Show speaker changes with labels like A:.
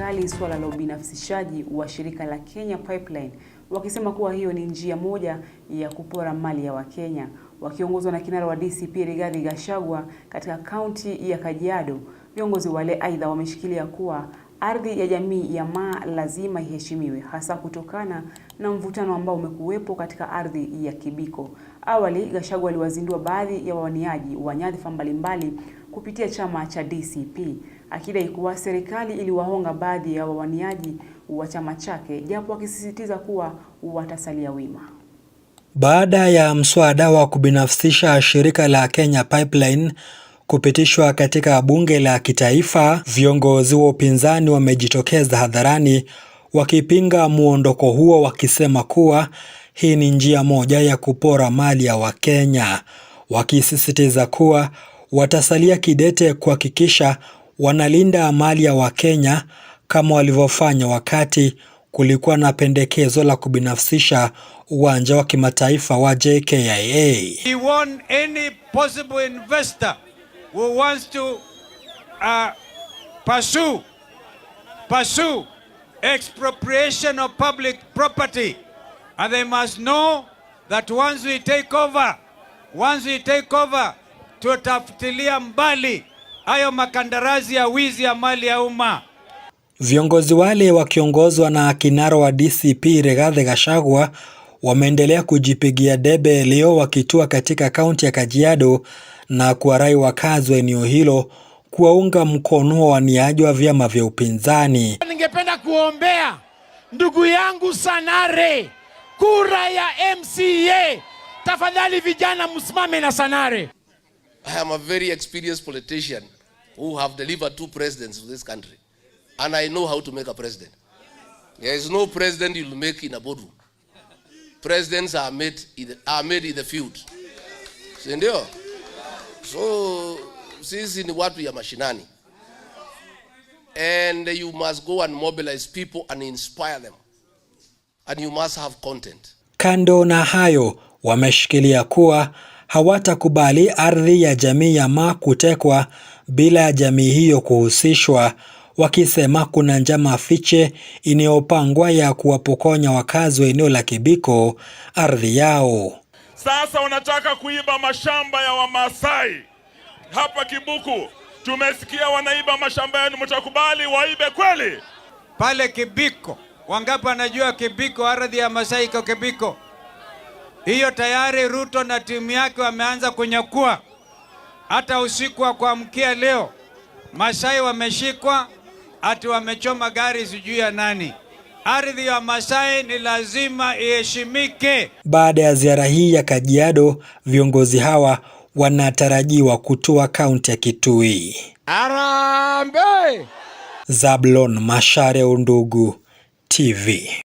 A: vikali suala la ubinafsishaji wa shirika la Kenya Pipeline wakisema kuwa hiyo ni njia moja ya kupora mali ya Wakenya. Wakiongozwa na kinara wa DCP Rigathi Gachagua katika kaunti ya Kajiado, viongozi wale aidha wameshikilia kuwa ardhi ya jamii ya Maa lazima iheshimiwe hasa kutokana na mvutano ambao umekuwepo katika ardhi ya Kibiko. Awali, Gachagua aliwazindua baadhi ya wawaniaji wa nyadhifa mbalimbali kupitia chama cha DCP akidai kuwa serikali iliwahonga baadhi ya wawaniaji wa chama chake japo akisisitiza kuwa watasalia wima.
B: Baada ya mswada wa kubinafsisha shirika la Kenya Pipeline kupitishwa katika bunge la kitaifa, viongozi wa upinzani wamejitokeza hadharani wakipinga muondoko huo, wakisema kuwa hii ni njia moja ya kupora mali ya Wakenya, wakisisitiza kuwa watasalia kidete kuhakikisha wanalinda mali ya Wakenya kama walivyofanya wakati kulikuwa na pendekezo la kubinafsisha uwanja wa kimataifa wa JKIA.
C: We want any possible investor who wants to uh, pursue, pursue expropriation of public property and they must know that once we take over, once we take over tutafutilia mbali hayo makandarasi ya wizi ya mali ya umma.
B: Viongozi wale wakiongozwa na kinara wa DCP Rigathi Gachagua wameendelea kujipigia debe leo wakitua katika kaunti ya Kajiado na kuwarai wakazi wa eneo hilo kuwaunga mkono wa wa vyama vya upinzani.
D: Ningependa kuombea ndugu yangu Sanare kura ya MCA. Tafadhali vijana, msimame na Sanare.
E: I am a very experienced politician who have delivered two presidents to this country. And I know how to make a president. There is no president you'll make in a boardroom. Presidents are made in the, are made in the field. Si ndio? So sisi ni watu ya mashinani. And you must go and mobilize people and inspire them. And you must have content.
B: Kando na hayo, wameshikilia kuwa hawatakubali ardhi ya jamii ya Ma kutekwa bila ya jamii hiyo kuhusishwa, wakisema kuna njama fiche inayopangwa ya kuwapokonya wakazi wa eneo la Kibiko ardhi yao.
F: Sasa wanataka kuiba mashamba ya Wamasai hapa Kibuku. Tumesikia wanaiba mashamba yenu, mtakubali waibe kweli?
G: Pale Kibiko, wangapi anajua Kibiko, ardhi ya Masai iko Kibiko? hiyo tayari Ruto na timu yake wameanza kunyakua. Hata usiku wa kuamkia leo Masai wameshikwa ati wamechoma gari sijui ya nani. Ardhi ya Masai ni lazima iheshimike.
B: Baada ya ziara hii ya Kajiado, viongozi hawa wanatarajiwa kutua kaunti ya Kitui.
H: Arambe!
B: Zablon Mashare, Undugu TV.